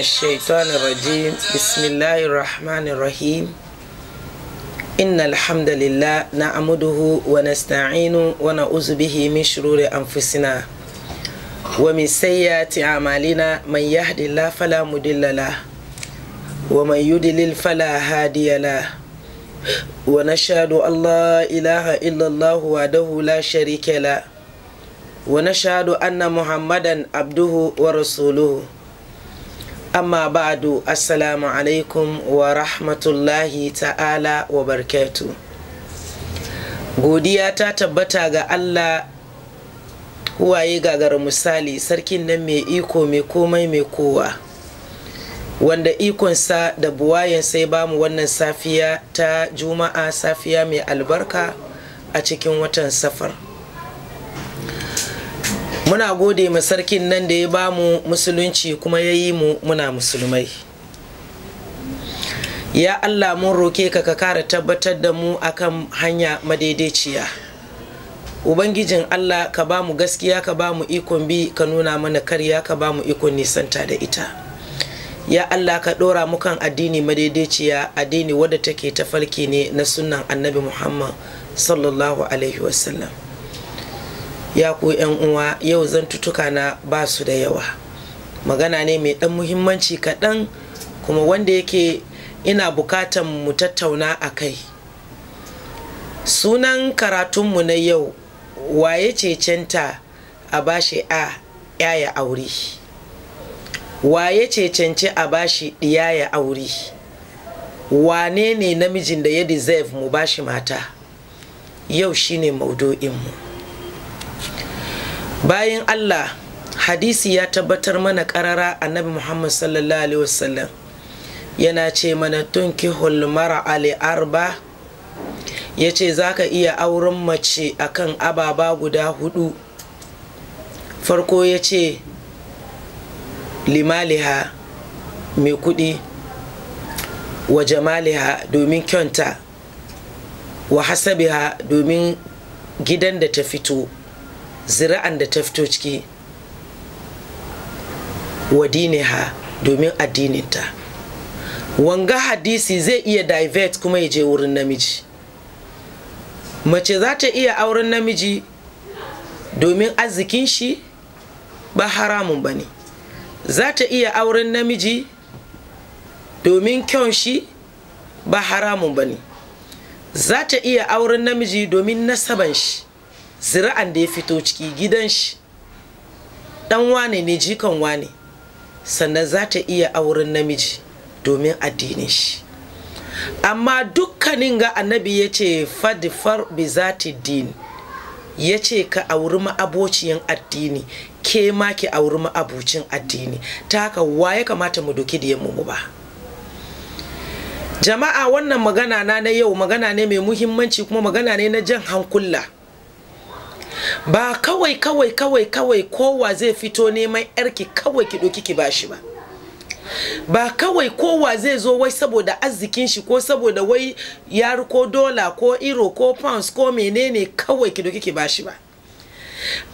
الشيطان الرجيم بسم الله الرحمن الرحيم إن الحمد لله نعمده ونستعين ونعوذ به من شرور أنفسنا ومن سيئات أعمالنا من يهد الله فلا مضل له ومن يضلل فلا هادي له ونشهد أن لا إله إلا الله وحده لا شريك له ونشهد أن محمدا عبده ورسوله amma ba'du assalamu alaikum wa rahmatullahi ta'ala wa barkatu godiya ta tabbata ga allah uwaye gagara misali sarkin nan mai iko mai komai mai kowa wanda ikonsa da buwayen sai bamu wannan safiya ta juma'a safiya mai albarka a cikin watan safar muna gode ma sarkin nan da ya ba mu musulunci kuma ya yi mu muna musulmai ya allah mun roke ka ka kara tabbatar da mu akan hanya madaidaiciya ubangijin allah ka ba mu gaskiya ka ba mu ikon bi ka nuna mana karya ka ba mu ikon nisanta da ita ya allah ka ɗora mu kan addini madaidaiciya addini wadda take tafarki ne na sunan annabi muhammad sallallahu alaihi wasallam ya ku yan uwa yau zan tutuka na ba su da yawa magana ne mai dan muhimmanci kaɗan kuma wanda yake ina bukatan mu tattauna a kai sunan karatunmu na yau waye cecenta a bashi a yaya aure waye cecenci a bashi ɗiya ya aure wane ne namijin da ya deserve mu bashi mata yau shine maudu'inmu mu bayan allah hadisi ya tabbatar mana karara annabi muhammad sallallahu alaihi wasallam yana ce mana tunki hulmara ali arba ya ce za ka iya auren mace a kan ababa guda hudu farko ya ce limaliha mai kudi wa jamaliha domin kyanta wa hasabiha domin gidan da ta fito zira'an da ta fito ciki wa ha domin addininta wanga hadisi zai iya divert kuma ya je wurin namiji mace za ta iya auren namiji domin arzikin shi ba haramun ba ne za ta iya auren namiji domin kyan shi ba haramun ba ne za ta iya auren namiji domin nasaban shi zira'an da ya fito ciki gidan shi dan wane ne jikan wane sannan za ta iya auren namiji domin addinin shi amma dukkanin ga annabi ya ce fadifar bi zati din ya ce ka auri ma'abociyin addini ke ma ki auri ma'abucin addini ta haka wa ya kamata mu doki da mu ba jama'a wannan magana na na yau magana ne mai muhimmanci kuma magana ne na jan hankula ba kawai kawai kawai kawai kowa zai fito neman yarki kawai ki doki ki bashi ba ba kawai kowa zai zo wai saboda arzikin shi ko saboda wai yar ko dola ko iro ko pounds ko menene kawai ki doki ki bashi ba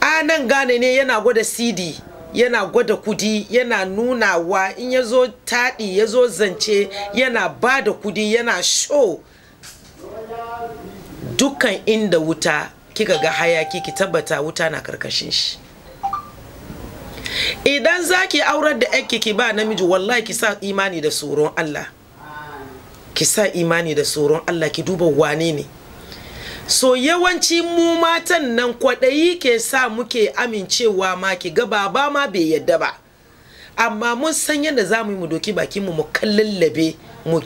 a nan gane ne yana gwada cd yana gwada kudi yana nunawa in ya zo taɗi ya zo zance yana ba da kudi yana show dukan inda wuta kika ga hayaki ki tabbata wuta na karkashin shi idan zaki aurar da yanki ki ba namiji wallahi ki sa imani da tsoron Allah ki sa imani da tsoron Allah ki duba wane ne so yawanci mu matan nan kwaɗayi ke sa muke amincewa ma ki ga baba ma bai yadda ba amma mun san yadda za mu yi mu doki bakin mu mu kallallabe mu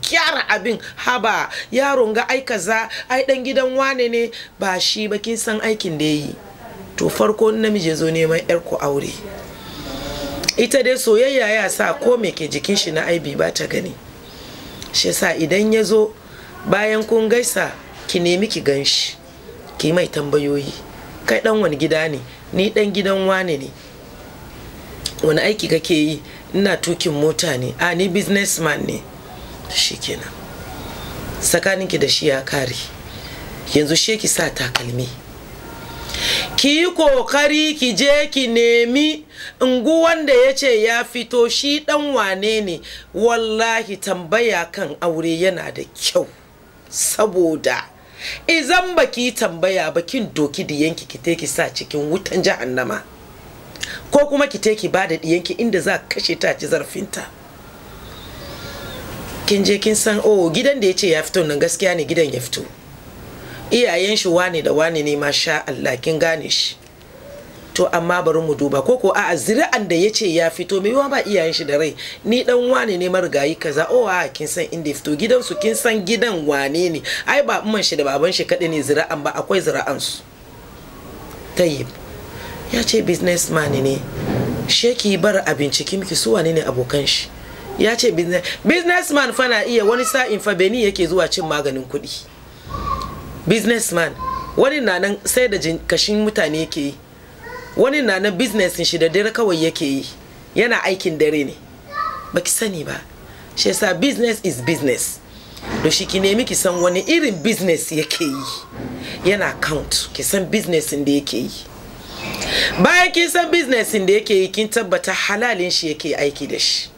gyara abin haba yaron ga ai kaza ai dan gidan wane ne ba shi ba kin san aikin da yi to farko namiji zo neman yar ku aure ita dai soyayya ya sa ko me ke jikin shi na aibi ba ta gani shi sa idan ya zo bayan kun gaisa ki nemi ki gan shi ki mai tambayoyi kai dan wani gida ne ni dan gidan wane ne wani aiki kake yi ina tukin mota ne a ah, ni businessman ne shikenan tsakaninki da shi ya kare yanzu sheki sa takalmi ki yi kokari ki je ki nemi ungu wanda ya ce ya fito shi dan wane ne wallahi tambaya kan aure yana da kyau saboda izan baki tambaya bakin doki da yanki ki ki sa cikin wutan jahannama. nama ko kuma ki ta ki ba da diyanki inda za kashe ta ci zarfinta kin je kin san oh gidan da yace ya fito nan gaskiya ne gidan ya fito iyayen shi wane da wane ne ma sha Allah kin gane shi to amma bari mu duba ko ko a'a zuri'an da ya ce ya fito mai ba iyayen shi da rai ni dan wane ne marigayi kaza oh a kin san inda ya fito su kin san gidan wane ne ai ba umman shi da baban shi kaɗai ne zuri'an ba akwai zuri'an su tayyib ya ce businessman ne sheki bar a binciki miki su wane ne abokan shi ya ce businessman fa na iya wani sa'in fa beni yake zuwa cin maganin kuɗi businessman wani na nan sai da kashin mutane yake yi wani na nan business shi da dare kawai yake yi yana aikin dare ne baki sani ba shi yasa business is business da shi ki nemi ki san wani irin business yake yi yana count ki san in da yake yi bayan kin san businessin da yake yi kin tabbata halalin shi yake aiki da shi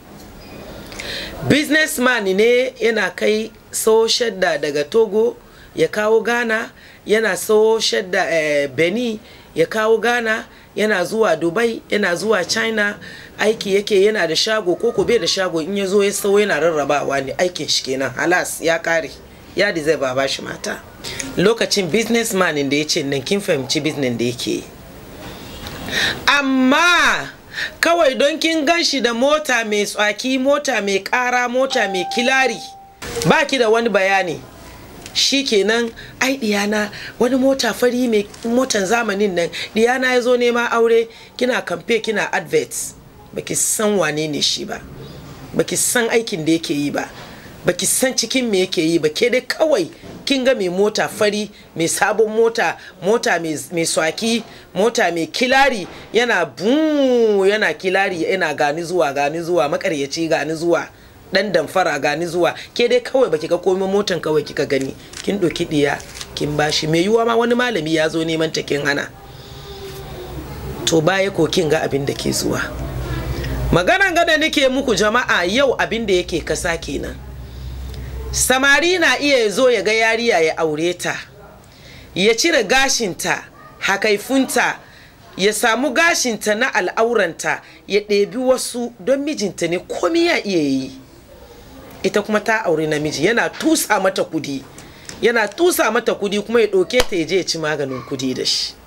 businessman ne yana kai sawo shadda daga togo ya kawo ghana yana sawo shadda eh, benin ya kawo ghana yana zuwa dubai yana zuwa china aiki yake yana da shago ko ko bai da shago in ya zo ya sau yana rarrabawa ne aikin shi kenan alas ya kare yadi zai ba shi mata lokacin businessman da ya ce nan kin fahimci business da yake yi amma kawai don kin gan shi da mota mai tsaki mota mai ƙara mota mai kilari ba ki da wani bayani shi kenan ai diyana wani mota fari mai motan zamanin nan diyana ya zo nema aure kina kamfe kina adverts baki san wane ne shi ba baki san aikin da yake yi ba baki san cikin me yake yi ba ke dai kawai kin ga mai mota fari mai sabon mota mota mai swaki mota mai kilari yana buu yana kilari yana gani zuwa gani zuwa makaryaci gani zuwa dan damfara gani zuwa ke dai kawai baki ga komai motan kawai kika gani kin doki diya kin bashi mai yiwuwa ma wani malami ya zo neman ta kin hana to baya ko kin ga abin da ke zuwa maganan gada nake muku jama'a yau abin da yake kasa kenan samari na iya zo ya ga yariya ya aure ta ya cire gashinta hakaifunta ya samu gashinta na al'auranta ya ɗebi wasu don mijinta ne komi ya iya yi ita kuma ta aure namiji yana tusa mata kudi yana tusa mata kudi kuma ya ɗauke ta ya je ya ci maganin kudi da shi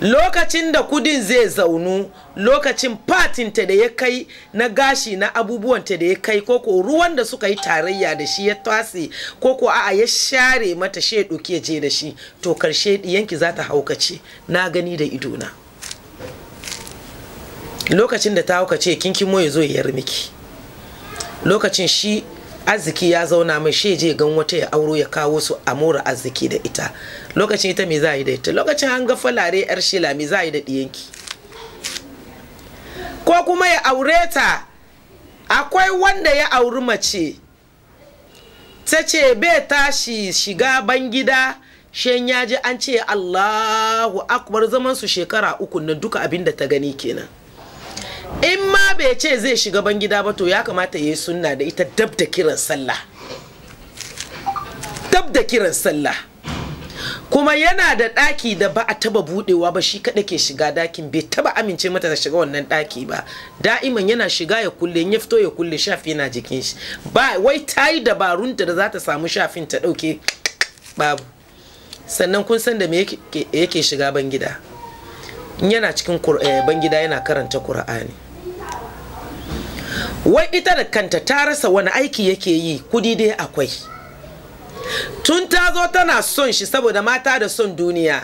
lokacin da kudin zai zaunu lokacin fatinta da ya kai na gashi na abubuwanta da ya kai koko ruwan da suka yi tarayya da shi ya tase koko a'a ya share mata she ɗauke je da shi to karshe ɗiyanki za ta haukace na gani da idona lokacin da ta haukace kinkin ya zo ya yar miki lokacin shi arziki ya zauna mai shi je gan wata ya auro ya kawo su a mora arziki da ita lokacin ita me za yi da ita lokacin an ga falare yar shila me za yi da diyanki ko kuma ya aure ta akwai wanda ya auri mace ta ce bai tashi shiga ban gida shen ya je an ce allahu akbar zaman su shekara uku na duka abin da ta gani kenan in ma bai ce zai shiga ban gida ba to ya kamata ya yi sunna da ita dab da kiran sallah dab da kiran sallah kuma yana da ɗaki da ba a taba budewa ba shi kaɗa ke shiga dakin bai taba amince mata ta shiga wannan ɗaki ba da'iman yana shiga ya kulle ya fito ya kulle shafi yana jikin shi ba wai ta yi dabarunta da za ta samu shafin ta ɗauke babu sannan kun san da me yake shiga ban gida in yana cikin eh, bangida yana karanta Kur'ani. wai ita da kanta ta rasa wani aiki yake yi kudi dai akwai tun ta zo tana son shi saboda mata da son duniya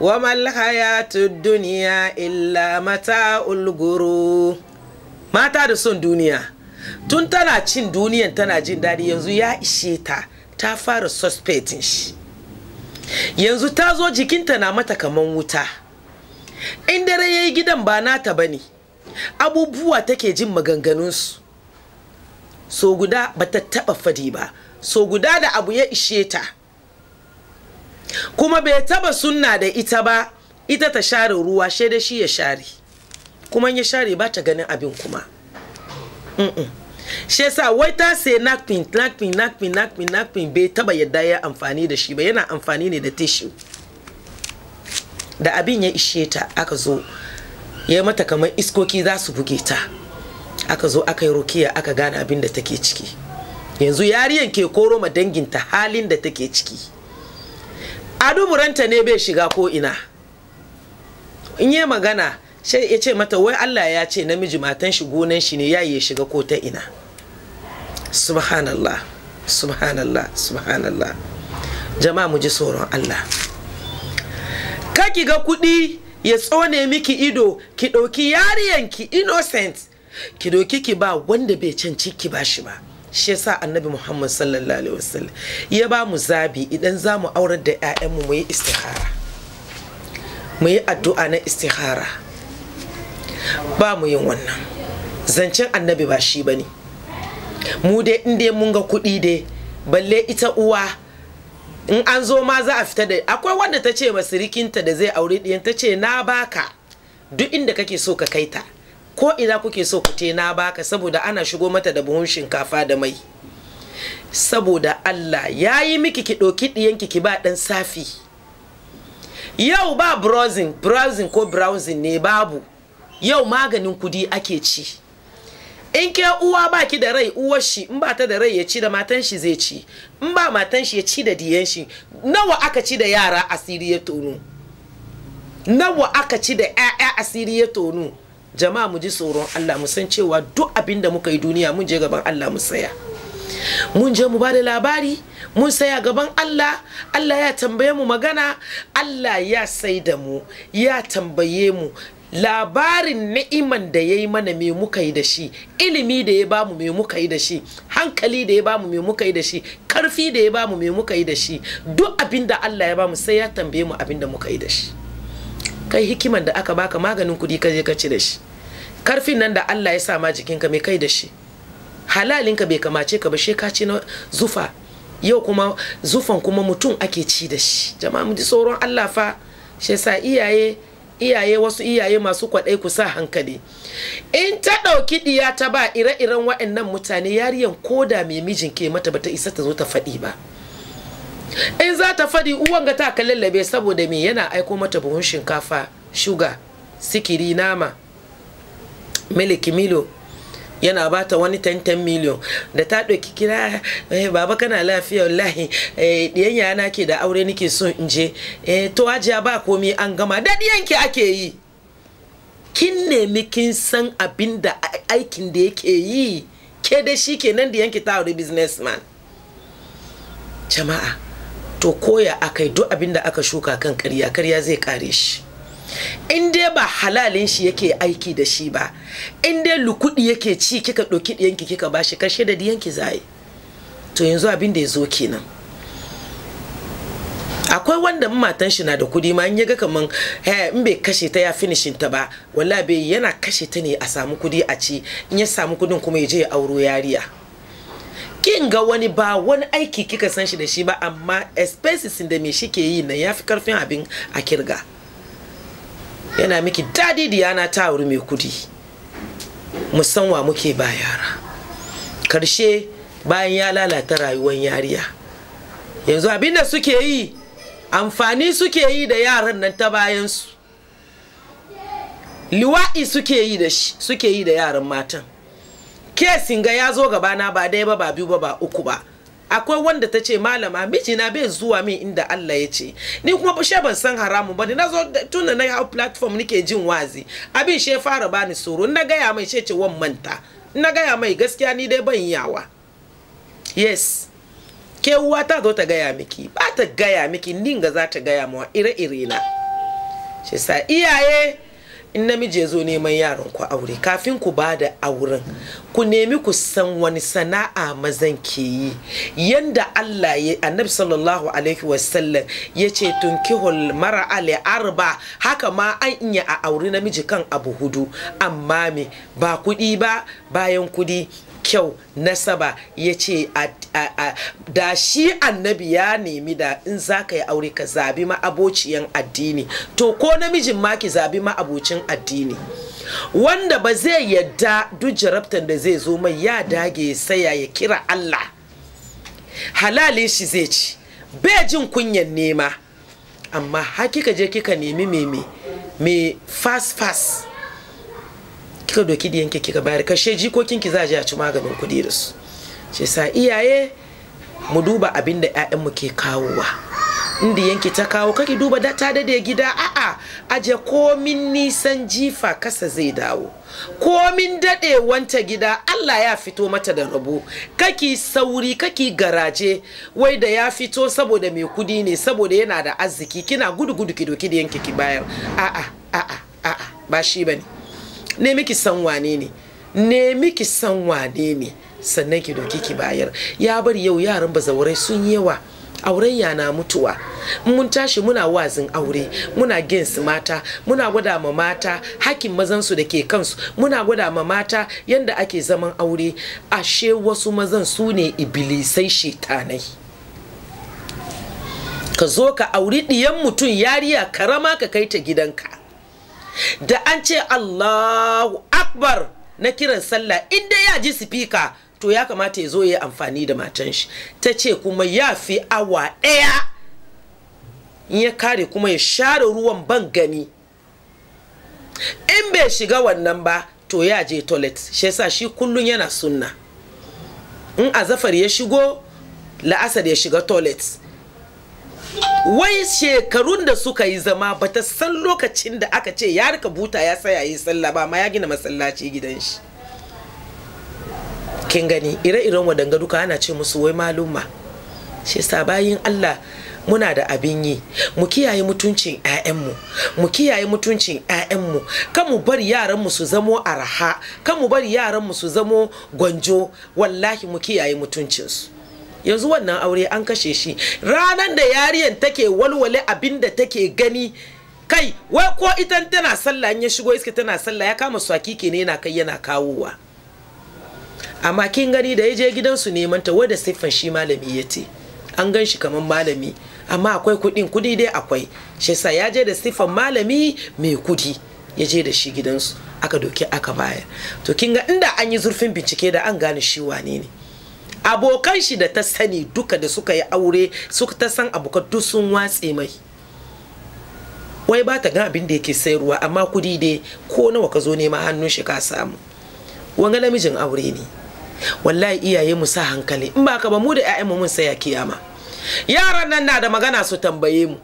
wa hayatu duniya illa mata ulguru mata da son duniya tun tana cin duniyan tana jin daɗi yanzu ya ishe ta ta fara suspecting shi yanzu ta zo jikinta na mata kaman wuta in dare yayi gidan ba nata ba ne abubuwa take jin maganganunsu so guda ba ta taɓa fadi ba so guda da abu ya ishe ta kuma bai taɓa sunna da ita ba ita ta share ruwa da shi ya share kuma ya share ba ta ganin abin kuma mm -mm. yasa wai ta sai nakpin nakpin nakpin nakpin nakpin bai taba yadda ya amfani da shi ba yana amfani ne da tissue da abin ya ishe ta aka zo ya mata kamar iskoki za su buge ta aka zo aka yi rukiya aka gane abin da take ciki yanzu yariyan ke koro ma danginta halin da take ciki aduburanta ne bai shiga ko ina in yi magana sai ya ce mata wai Allah ya ce namiji matan shi gonan shi ne yayi ya shiga ko ta ina subhanallah subhanallah subhanallah jama'a mu ji tsoron Allah ki ga kuɗi ya tsone miki ido ki ɗauki ki innocent ki ɗauki ki ba wanda bai canci ki ba shi ba shi yasa annabi muhammad sallallahu alaihi wasallam ya ba mu zabi idan za mu aurar da 'ya'yanmu mu yi istihara mu yi addu'a na istihara ba mu yin wannan zancen annabi ba shi ba ne mu dai inda mun ga kuɗi dai balle ita uwa in an zo ma za a fita da akwai wanda ta ce masirikinta da zai aure ɗiyan ta ce na baka duk inda kake so ka kai ta ko ina kuke so ku te na baka saboda ana shigo mata da buhun shinkafa da mai saboda Allah ya yi miki ki ɗoki ɗiyanki ki ba ɗan safi yau ba browsing browsing ko browsing ne babu yau maganin kudi ake ci in ke uwa ba ki da rai uwar shi in ba ta da rai ya ci da matan shi zai ci in ba matan shi ya ci da diyan shi nawa aka ci da yara asiri ya tonu nawa aka ci da ƴaƴa asiri ya tonu jama'a mu ji tsoron Allah mu san cewa duk abin da muka yi duniya mun je gaban Allah mu saya mun je mu ba da labari mun saya gaban Allah Allah ya tambaye mu magana Allah ya sai da mu ya tambaye mu labarin ni'iman da ya yi mana me muka yi da shi ilimi da ya bamu me muka yi da shi hankali da ya bamu me muka yi da shi karfi da ya bamu me muka yi da shi duk abin da Allah ya bamu sai ya tambaye mu abin da muka yi da shi kai hikiman da aka baka maganin kudi ka je ka ci da shi karfin nan da Allah ya sa ma jikinka me kai da shi halalinka bai kamace ka ba she ka ci na zufa yau kuma zufan kuma mutum ake ci da shi jama'a mu ji tsoron Allah fa shi sa iyaye iyaye wasu iyaye masu kwaɗai ku sa hankali in ta ɗauki ɗiya ta ba ire-iren waɗannan mutane yariyan koda mai mijin ke mata ba ta isa ta zo ta faɗi ba in za ta faɗi uwan ga ta kallallabe saboda me yana aiko mata buhun shinkafa shuga sikiri nama miliki milo yana bata wani 10 miliyon da ta ɗauki kira eh, baba kana lafiya wallahi eh, ɗiyan yana ke da aure nake son in je eh, to ajiya ba komi an gama da ɗiyanki ake yi kin nemi kin san abin da aikin da yake yi ke da shi ke nan da yanki ta aure businessman jama'a to koya akai duk abin da aka shuka kan karya karya zai kare shi in dai ba halalin shi yake aiki da shi ba in dai lukudi yake ci kika ɗauki ɗiyanki kika bashi karshe da ɗiyanki zai to yanzu abin da ya zo kenan akwai wanda matan shi na da kudi ma in ya ga kaman in bai kashe ta ya finishin ta ba wallahi bai yana kashe ta ne a samu kudi a ci in ya samu kudin kuma ya je ya auro yariya kin ga wani ba wani aiki kika san shi da shi ba amma expenses da me shi ke yi na ya fi karfin abin a kirga yana miki daɗi diyana ta wuri mai kudi musamman muke ba yara karshe bayan ya lalata rayuwar yariya yanzu abin da suke yi amfani suke yi da yaran nan ta bayansu liwa'i suke yi da shi suke yi da yaran matan kesin ga ya zo gabana ba ɗaya ba ba biyu ba ba uku ba akwai wanda ta ce malama mijina bai zuwa min inda Allah ya ce ni kuma bushe ban san haramun ba ni zo tunda na hau platform nike jin wazi abin she fara bani tsoro na gaya mai she ce wan manta na gaya mai gaskiya ni dai ban yawa yes ke uwa ta zo ta gaya miki ba ta gaya miki ninga za ta gaya ma ire-ire na shi sa iyaye in namiji ya zo neman yaron ku aure kafin ku ba da auren ku nemi ku san wani sana'a mazan ke yi yanda Allah ya annabi sallallahu alaihi wasallam ya ce tunkihul mar'a Ali arba haka ma an iya a auri namiji kan abu hudu amma me ba kudi ba bayan kudi kyau nasaba ya ce da shi annabi ya nemi da in za ka yi aure ka zabi ma'abociyan addini to ko namijin ma ki zabi ma'abocin addini wanda ba zai yadda duk jarabtan da zai zo mai ya dage saya ya kira Allah halalin shi zai ci bai jin kunyan nema amma hakika je kika nemi mai me fast fast kika doki diyanki kika bayar kashe jikokinki za a je a ci maganin kuɗi da su shi sa iyaye mu duba abin da 'ya'yanmu ke kawowa inda yanki ta kawo kake duba da ta dade gida a'a aje komin nisan jifa kasa zai dawo komin wanta gida Allah ya fito mata da rabo kaki sauri kaki garaje wai da ya fito saboda mai kudi ne saboda yana da arziki kina gudu gudu ki doki da yanki ki bayar a'a a'a a'a ba shi bane nemi ki san wane ne nemi ki san wane ne sannan ki doki ki bayar ya bari yau yaran bazawarai sun yi yawa Auren ya na mutuwa mun tashi muna wazin aure muna ginsu mata muna gwada ma mata hakkin mazansu da ke kansu muna gwada ma mata yanda ake zaman aure ashe wasu mazan su ne ibilisai shetanai ka zo ka auri ɗiyan mutum yariya karama ka kai ta gidanka da an ce Allahu Akbar na kiran sallah inda ya ji sifika to ya kamata ya zo ya yi amfani da matan shi ta ce kuma ya fi awa ɗaya in ya kare kuma ya share ruwan ban gani in bai shiga wannan ba to ya je toilet shi yasa shi kullun yana sunna in a Zafar ya shigo la'asar ya shiga toilet wai shekarun da suka yi zama bata san lokacin da aka ce ya rika buta ya saya yi sallah ba ma ya gina masallaci gidan shi kin gani ire-iren wadanga duka ana ce musu wai maluma shi sa bayin Allah muna da abin yi mu kiyaye mutuncin 'ya'yanmu mu mu kiyaye mutuncin mu kan mu bari mu su zamo arha kan mu bar yaran mu su zamo gwanjo wallahi mu kiyaye mutuncinsu yanzu wannan aure an kashe shi ranan da yariyan take walwale abin da take gani kai wai ko itan tana sallah in ya shigo iska tana sallah ya kama swaki ke ne yana kai yana kawowa amma kin gani da ya je gidansu neman ta wadda siffan shi malami ya ce an gan shi kamar malami amma akwai kudin kudi dai akwai shi sa ya je da siffan malami mai kudi ya je da shi gidansu aka doke aka baya to kin ga inda an yi zurfin bincike da an gane shi wane ne abokan shi da ta sani duka da suka yi aure suka ta san abokan duk sun watse mai wai ba ta ga abin da yake sayarwa amma kudi dai ko nawa ka zo nema hannun shi ka samu wanga namijin aure ne wallahi iyaye mu sa hankali in ba ka ba mu da 'ya'yan mun saya kiyama yaran nan na da magana su tambaye mu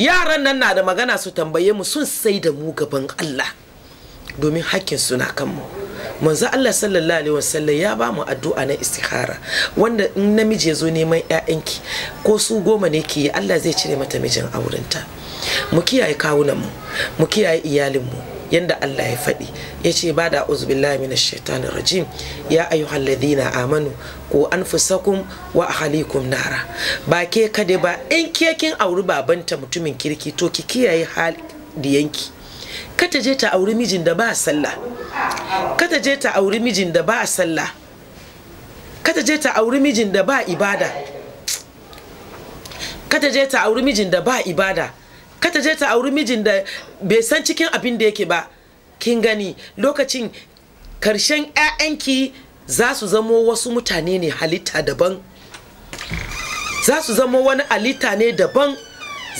yaran nan na da magana su tambaye mu sun sai da mu gaban Allah domin hakkin suna na kanmu manzo Allah sallallahu alaihi wasallam ya ba mu addu'a na istikhara wanda in namiji ya zo neman ƴaƴanki ko su goma ne ke Allah zai cire mata mijin aurenta mu kiyaye kawunan mu mu kiyaye iyalin mu yanda Allah ya faɗi ya ce ba da uzubillahi minash shaitanir rajim ya ayyuhal ladina amanu ku anfusakum wa ahlikum nara ba ke kade ba in ke kin auri babanta mutumin kirki to ki kiyaye hal diyanki kata je ta auri mijin da ba sallah kata je ta auri mijin da ba sallah kata je ta auri mijin da ba ibada kata je ta auri mijin da ba ibada kata je ta auri mijin da bai san cikin abin da yake ba kin gani lokacin karshen 'ya'yanki za su zamo wasu mutane ne halitta daban za su zamo wani halitta ne daban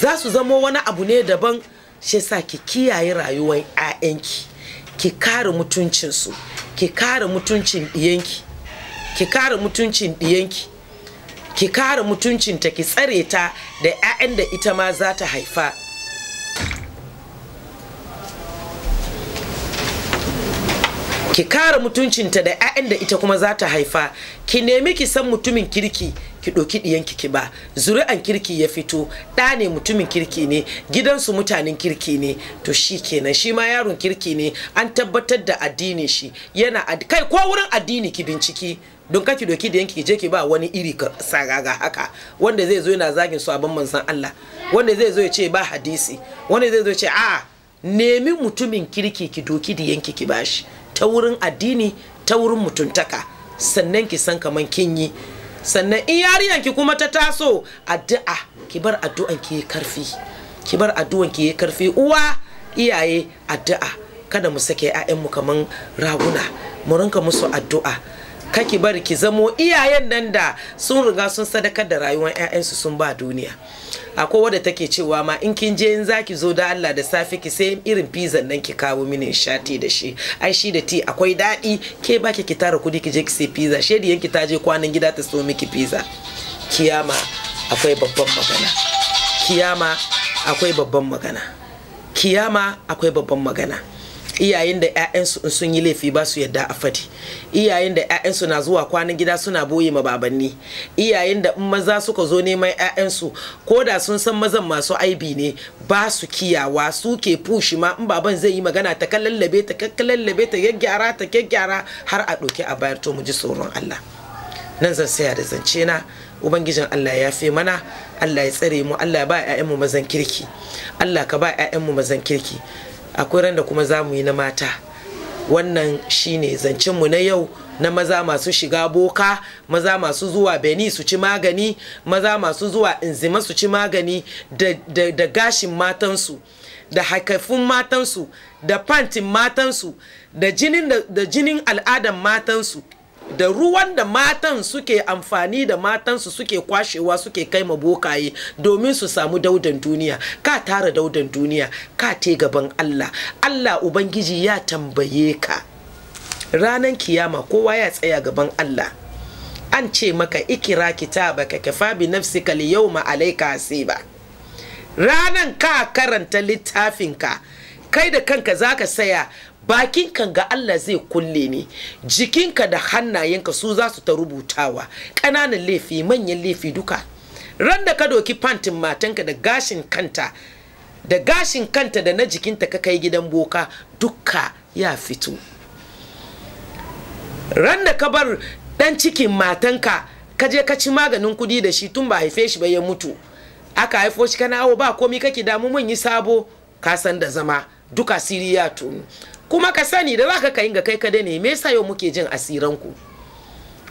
za su zamo wani abu ne daban shi yasa ki kiyaye rayuwar 'ya'yanki ki kare mutuncinsu ki kare mutuncin ɗiyanki ki kare mutuncin ɗiyanki ki kare mutuncinta ki tsare ta da 'ya'yan da ita ma za ta haifa ki kare mutuncinta da 'ya'yan da ita kuma za ta haifa ki nemi ki san mutumin kirki ki ɗauki ɗiyanki ki ba zuri'an kirki ya fito ɗa ne mutumin kirki ne gidansu mutanen kirki ne to shi kenan shi ma yaron kirki ne an tabbatar da addinin shi yana kai ko wurin addini ki binciki don kaki doki da yanki je ki ba wani iri ga haka wanda zai zo yana zagin su abin manzon Allah wanda zai zo ya ce ba hadisi wanda zai zo ya ce a nemi mutumin kirki ki doki da yanki ki bashi ta wurin addini ta wurin mutuntaka sannan ki san kaman kin yi sannan in yarinyar ki kuma ta taso addu'a ki bar addu'an ki karfi ki bar addu'an ki karfi uwa iyaye addu'a kada mu sake 'ya'yanmu kaman raguna mu rinka musu addu'a kaki bari ki zamo iyayen nan da sun riga sun sadakar da rayuwar 'ya'yansu sun ba duniya akwai wadda take cewa ma in kin je in zaki zo da Allah da safe ki sai irin pizan nan ki kawo mini sha ti da shi ai shi da ti akwai daɗi ke baki ki tara kudi ki je ki sai pizza shedi yanki ta je kwanan gida ta so miki pizza kiyama akwai babban magana kiyama akwai babban magana kiyama akwai babban magana iyayen da 'ya'yansu sun yi laifi ba su yadda a fadi iyayen da 'ya'yansu na zuwa kwanan gida suna boye ma babanni iyayen da in maza suka zo neman 'ya'yansu ko da sun san mazan masu aibi ne ba su kiyawa su ke fushi ma in baban zai yi magana ta kallallabe ta kallallabe ta gyaggyara ta gyaggyara har a ɗauki a bayar to mu ji tsoron Allah nan zan saya da zance na ubangijin Allah ya fi mana Allah ya tsare mu Allah ya ba 'ya'yanmu mazan kirki Allah ka ba mu mazan kirki akwai randa kuma za mu yi na mata wannan shine zancenmu na yau na maza masu shiga boka maza masu zuwa beni su ci magani maza masu zuwa inzima su ci magani da, gashin matansu da haikafin matansu da fantin matansu da jinin al'adan matansu da ruwan da matan suke amfani da matansu suke kwashewa suke kai ma bokaye domin su samu daudan duniya ka tara daudan duniya ka te gaban Allah Allah ubangiji ya tambaye ka ranan kiyama kowa ya tsaya gaban Allah an ce maka ikira ka kafa bi nafsika liyawma alayka hasiba ranan ka karanta littafinka kai da kanka zaka saya kan ga Allah zai kulle ne jikinka da hannayenka su za su ta rubutawa ƙananan laifi manyan laifi duka ran da ka doki fantin matanka da gashin kanta da gashin kanta da na jikinta ka kai gidan boka duka ya fito ran da ka bar ɗan cikin matanka ka je ka ci maganin kuɗi da shi tun ba haife shi ba ya mutu aka haifo shi kana awo ba komi kake damu mun yi sabo ka san da zama duka siriya tunu kuma ka sani da za ka yin ga kai kada ne me yasa yau muke jin asiran ku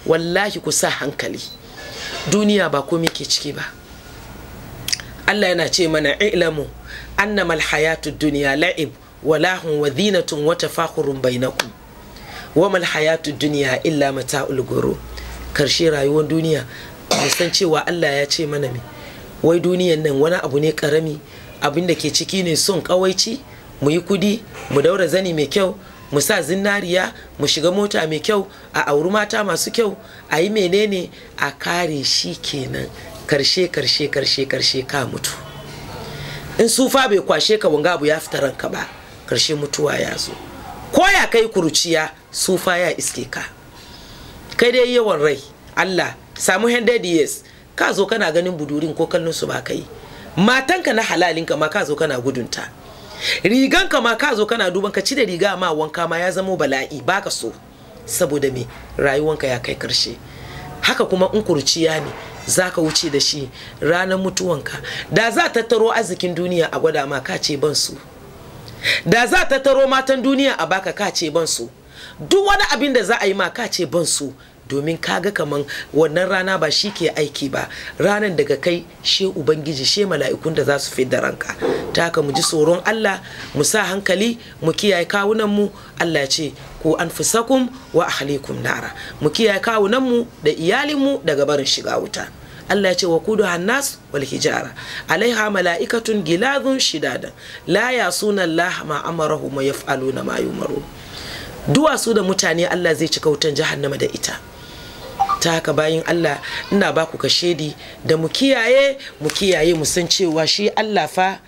wallahi ku sa hankali duniya ba komai ke ciki ba Allah yana ce mana ilamu annamal hayatu duniya la'ib wa lahun wa zinatun wa tafakhurun bainakum wa mal hayatu dunya illa mata'ul guru karshe rayuwar duniya mu san cewa Allah ya ce mana me wai duniyan nan wani abu ne karami Abun da ke ciki ne son kawaici mu yi kudi mu daura zani mai kyau mu sa zinariya mu shiga mota mai kyau a auri mata masu kyau a yi menene a kare shi kenan karshe karshe karshe karshe ka mutu in sufa bai kwashe ka wanga abu ya fita ranka ba karshe mutuwa ya zo ko ya kai kurciya sufa ya iske ka kai dai yawan rai Allah samu 100 years ka zo kana ganin budurin ko kallon su ba kai matanka na halalinka ma ka zo kana gudunta rigan ka ma ka zo kana duban ka ci da riga ma wanka ma ya zamo bala'i baka so saboda me rayuwanka ya kai karshe haka kuma in kurciya ne zaka wuce da shi ranar mutuwanka da za tattaro arzikin duniya a gwada ma ka ce ban su da za tattaro matan duniya a baka ka ce ban su duk wani abin da za a yi ma ka ce ban su domin kaga kaman wannan rana ba shi ke aiki ba ranan daga kai she ubangiji she mala'ikun da za su fi da ranka ta haka mu ji tsoron Allah mu sa hankali mu kiyaye kawunan mu Allah ce ku anfusakum wa ahlikum nara mu kiyaye kawunan mu da iyalin mu daga barin shiga wuta Allah ce wa kudu hannas wal hijara alaiha mala'ikatun gilazun shidadan la yasuna Allah ma amarahu ma yaf'aluna ma yumaru duwatsu da mutane Allah zai cika wutan jahannama da ita ta haka bayin Allah ina ba ku kashedi da mu kiyaye mu kiyaye mu san cewa shi Allah fa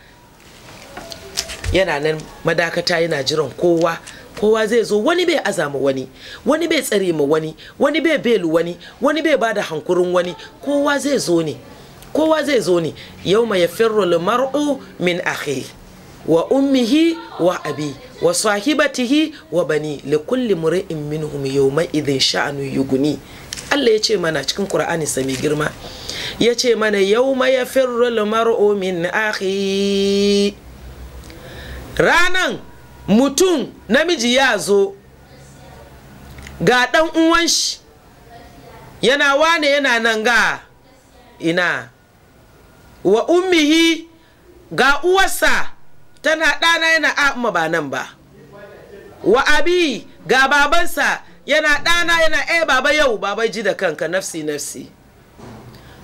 yana nan madakata yana jiran kowa kowa zai zo wani bai azama wani wani bai tsare ma wani wani bai belu wani wani bai bada hankurin wani kowa zai zo ne kowa zai zo ne yau mai mar'u min akhi wa ummihi wa abi wa sahibatihi wa bani li kulli mur'in minhum yawma idhin sha'anu yuguni Allah ya ce mana cikin Qur'ani sami girma ya ce mana yau yauma yafirru mar'u min akhi ranan mutum namiji ya zo ga ɗan uwan shi yana wane yana nan ga ina wa ummihi ga uwarsa tana ɗana yana amma ba nan ba wa abi ga babansa yana ɗana yana eh baba yau baba ji da kanka nafsi nafsi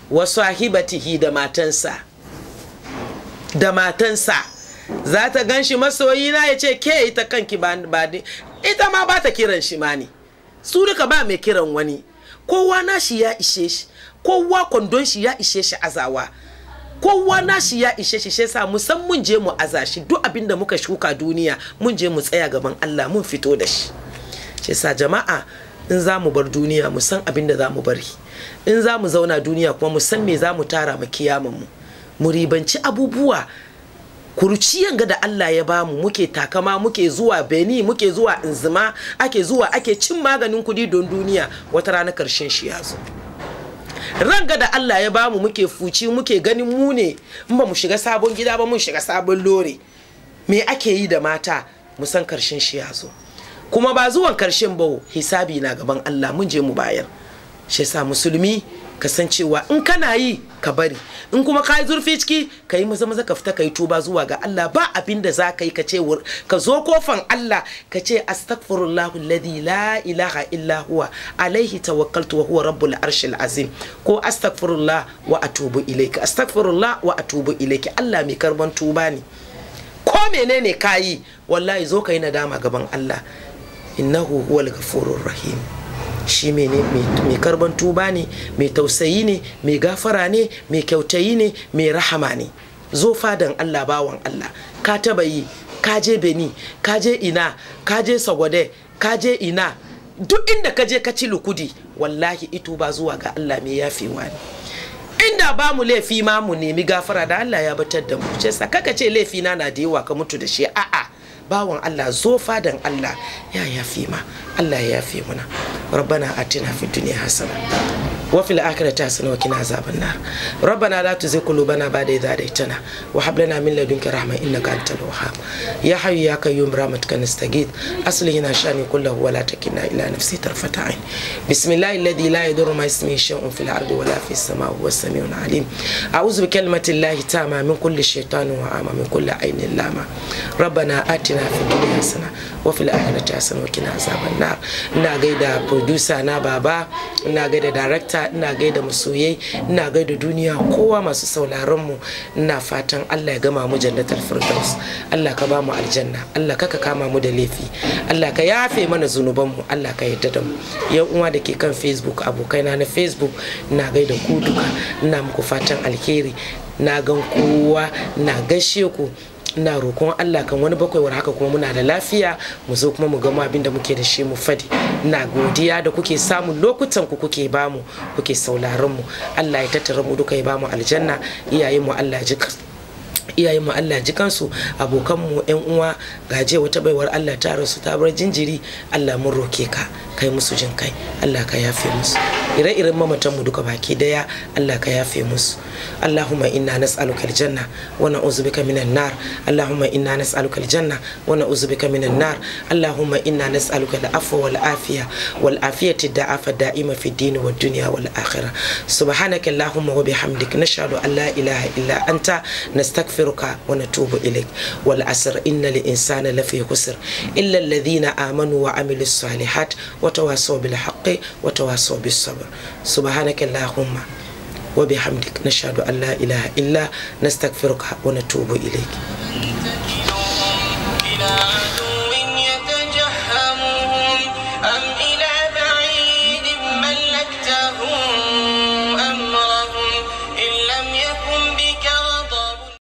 wa sahibatihi da matansa da matansa za ta gan shi masoyina ya ce ke ita kanki ba ni ita ma ba ta kiran shi ma ni. su duka ba mai kiran wani kowa na shi ya ishe shi kowa kwandon shi ya ishe shi azawa kowa na shi ya ishe shi shi sa musan mun je mu azashi duk abinda muka shuka duniya mun je mu tsaya gaban Allah mun fito da shi ce sa jama'a in za mu bar duniya mu san abin da za mu bari in za mu zauna duniya kuma mu san me za mu tara mu kiyaman mu mu ribanci abubuwa kurciyan ga da Allah ya bamu muke takama muke zuwa Beni muke zuwa Inzima ake zuwa ake cin maganin kudi don duniya wata rana karshen shi ya zo ga da Allah ya bamu muke fuci muke ganin mu ne in ba mu shiga sabon gida ba mun shiga sabon lore me ake yi da mata mu san karshen shi ya zo kuma ba zuwan karshen ba hisabi na gaban Allah mun je mu bayar shi yasa musulmi ka cewa in kana yi ka bari in kuma ka yi zurfi ciki ka yi maza maza ka fita ka yi tuba zuwa ga Allah ba abin da za ka yi ka ce ka zo kofan Allah ka ce astaghfirullahu alladhi la ilaha illa huwa alaihi tawakkaltu wa huwa rabbul arshil azim ko astaghfirullah wa atubu ilayka astaghfirullah wa atubu Allah mai karban tuba ne ko menene ka yi wallahi zo ka yi nadama gaban Allah innahu huwal ghafurur rahim shi ne mai karban tuba ne mai tausayi ne mai gafara ne mai kyautayi ne mai rahama ne zo fadan Allah bawan Allah ka taba yi ka je Beni ka je ina ka je sagode ka je ina duk inda ka je ka ci lukudi wallahi ito ba zuwa ga Allah mai yafewa ne inda ba mu laifi ma mu nemi gafara da Allah ya batar da mu ce kaka ce laifi na na da yawa ka mutu da shi a bawan Allah zo fadan Allah ya yafi ma Allah ya yafi muna rabbana atina fid dunya hasana wa fil akhirati hasana wa qina azaban nar rabbana la tuzigh qulubana ba'da idh hadaytana wa hab lana min ladunka rahma innaka antal wahhab ya hayyu ya qayyum rahmatika nastaghith aslih lana shani kullahu wa la takilna ila nafsi tarfata ain bismillahi alladhi la yadurru ma ismihi shay'un fil ardi wa la fis samai huwa as-sami'ul alim a'udhu bi llahi tama min kulli shaytanin wa ama min kulli ainin lama rabbana atina atina fi duniya sana wa fil akhirati hasana wa qina azaban nar ina gaida producer na baba ina gaida director ina gaida masoyai ina gaida duniya kowa masu sauraron mu ina fatan Allah ya gama mu jannatul firdaus Allah ka ba mu aljanna Allah ka kama mu da laifi Allah ka yafe mana zunuban mu Allah ka yarda da mu yan uwa da ke kan Facebook abokaina na Facebook ina gaida ku duka ina muku fatan alheri na gan kowa na gaishe ku ina roƙon Allah kan wani bakwaiwar haka kuma muna da lafiya mu zo kuma mu gama abin da muke da shi mu fadi ina godiya da kuke samun lokutan ku kuke bamu kuke sauraron mu Allah ya tattara mu duka ya bamu aljanna iyayen mu Allah jika iyayen mu Allah ji kansu abokan mu yan uwa gaje wata baiwar Allah ta rasu ta bar jinjiri Allah mun roke ka kai musu jin kai Allah ka yafe musu ire-iren mamatan mu duka baki daya Allah ka yafe musu Allahumma inna nas'aluka aljanna wa na'udzu bika minan nar Allahumma inna nas'aluka aljanna wa na'udzu bika minan nar Allahumma inna nas'aluka al'afwa wal afiya wal afiyati da'afa da'ima fi dini wad dunya wal akhirah subhanaka Allahumma wa bihamdika nashhadu an la ilaha illa anta nastaghfiruka wa natubu ilayk wal asr inna lil insana lafi khusr illa alladhina amanu wa amilus salihat wa tawassaw bil haqqi wa tawassaw bis sabr ba subhanaka allahumma wa bihamdik nashhadu an la ilaha illa nastaghfiruka wa natubu ilayk